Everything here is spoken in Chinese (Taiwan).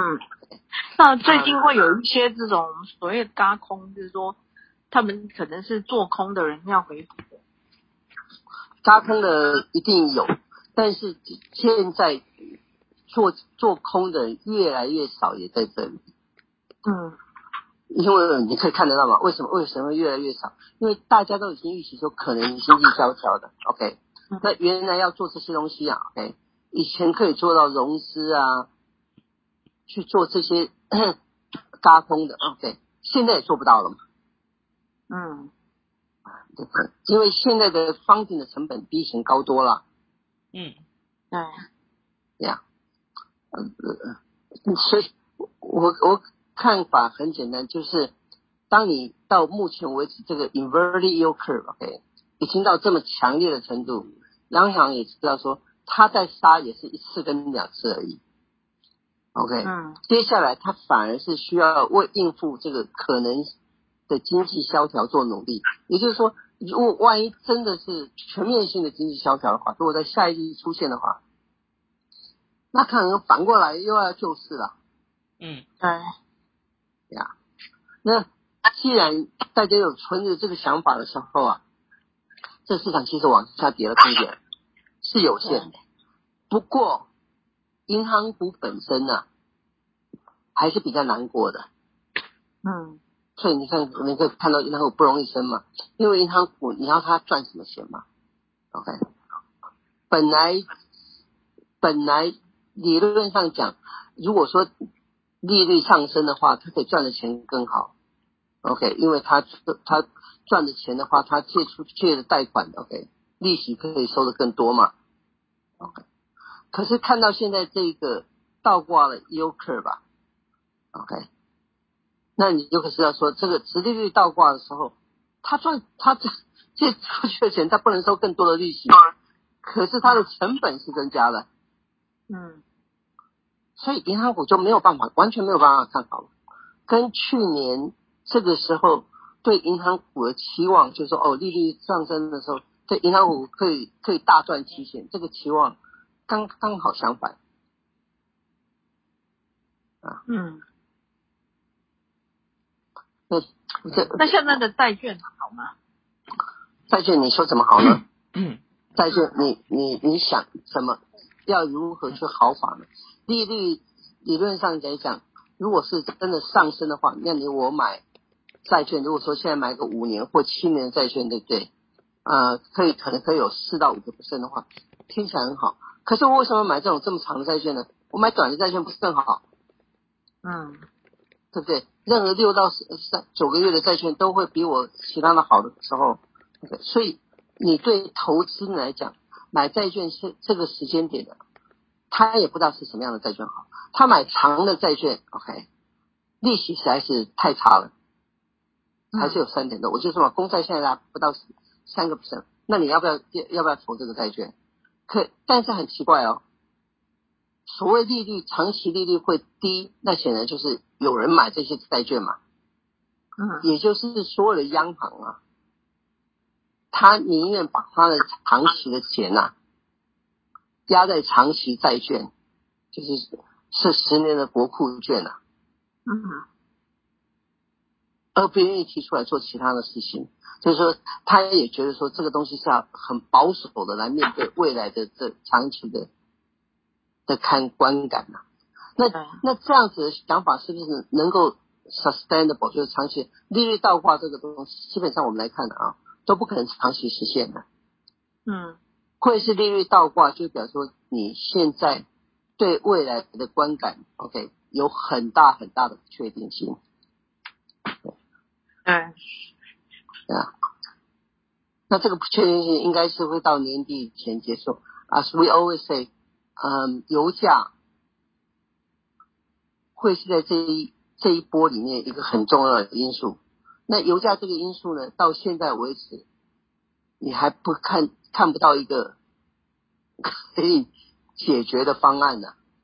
嗯，那最近會有一些這種所謂的軋空，嗯、就是說他們可能是做空的人要回補的，軋空的一定有，但是現在做做空的越來越少，也在這裡。嗯，因為你可以看得到嘛，為什麼為什麼會越來越少？因為大家都已經預期說可能經濟蕭條的。嗯、OK，那原來要做這些東西啊，OK，以前可以做到融資啊。去做這些加工 的啊？對，現在也做不到了嘛。嗯，對。因為現在的方形的成本比以前高多了。嗯，對。這嗯嗯嗯，所以我，我我看法很簡單，就是當你到目前為止這個 inverted yield curve OK 已經到這麼強烈的程度，央行也知道說，它再殺也是一次跟兩次而已。OK，嗯，接下來他反而是需要為應付這個可能的經濟蕭條做努力，也就是說，如果萬一真的是全面性的經濟蕭條的話，如果在下一季出現的話，那可能反過來又要救市了。嗯，對，對呀。那既然大家有存着這個想法的時候啊，這市場其實往下跌的空間是有限的，嗯、不過。銀行股本身呢、啊，還是比較難過的，嗯，所以你看，你可以看到銀行股不容易升嘛，因為銀行股你要它賺什麼錢嘛？OK，本來本來理論上講，如果說利率上升的話，它可以賺的錢更好，OK，因為它它賺的錢的話，它借出借的貸款，OK，利息可以收得更多嘛，OK。可是看到現在這個倒掛了，優克吧，OK，那你又可是要說這個殖利率倒掛的時候，他賺他借出去的錢，他不能收更多的利息，可是他的成本是增加了，嗯，所以銀行股就沒有辦法，完全沒有辦法看好了。跟去年這個時候對銀行股的期望，就是說哦，利率上升的時候，對銀行股可以可以大賺其錢，嗯、這個期望。剛剛好相反，啊，嗯，那那現在的債券好嗎？債券你說怎麼好呢？債 券你你你想怎麼要如何去好法呢？利率理論上來講，如果是真的上升的話，那你我買債券，如果說現在買個五年或七年的債券，對不對？呃，可以可能可以有四到五個 percent 的話，聽起來很好。可是我為什麼買這種這麼長的債券呢？我買短的債券不是更好？嗯，對不對？任何六到三九個月的債券都會比我其他的好的時候，對不對？所以你對投資來講買債券是這個時間點的，他也不知道是什麼樣的債券好，他買長的債券，OK，利息實在是太差了，還是有三點多。我就說嘛，公債現在不到三個 percent，那你要不要要要不要投這個債券？可，但是很奇怪哦。所謂利率，長期利率會低，那顯然就是有人買這些債券嘛，嗯，也就是所有的央行啊，他寧願把他的長期的錢呐、啊、壓在長期債券，就是是十年的國庫券啊，嗯。而不願意提出來做其他的事情，就是說，他也覺得說這個東西是要很保守的來面對未來的這長期的的看觀感呐、啊。那那這樣子的想法是不是能夠 sustainable，就是長期利率倒掛這個東西，基本上我們來看啊，都不可能長期實現的、啊。嗯，或者是利率倒掛就表示說你現在對未來的觀感 OK，有很大很大的不確定性。對，啊，yeah. 那這個不確定性應該是會到年底前結束。As we always say，嗯、um，油價會是在這一這一波裡面一個很重要的因素。那油價這個因素呢，到現在為止，你還不看看不到一個可以解決的方案呢、啊。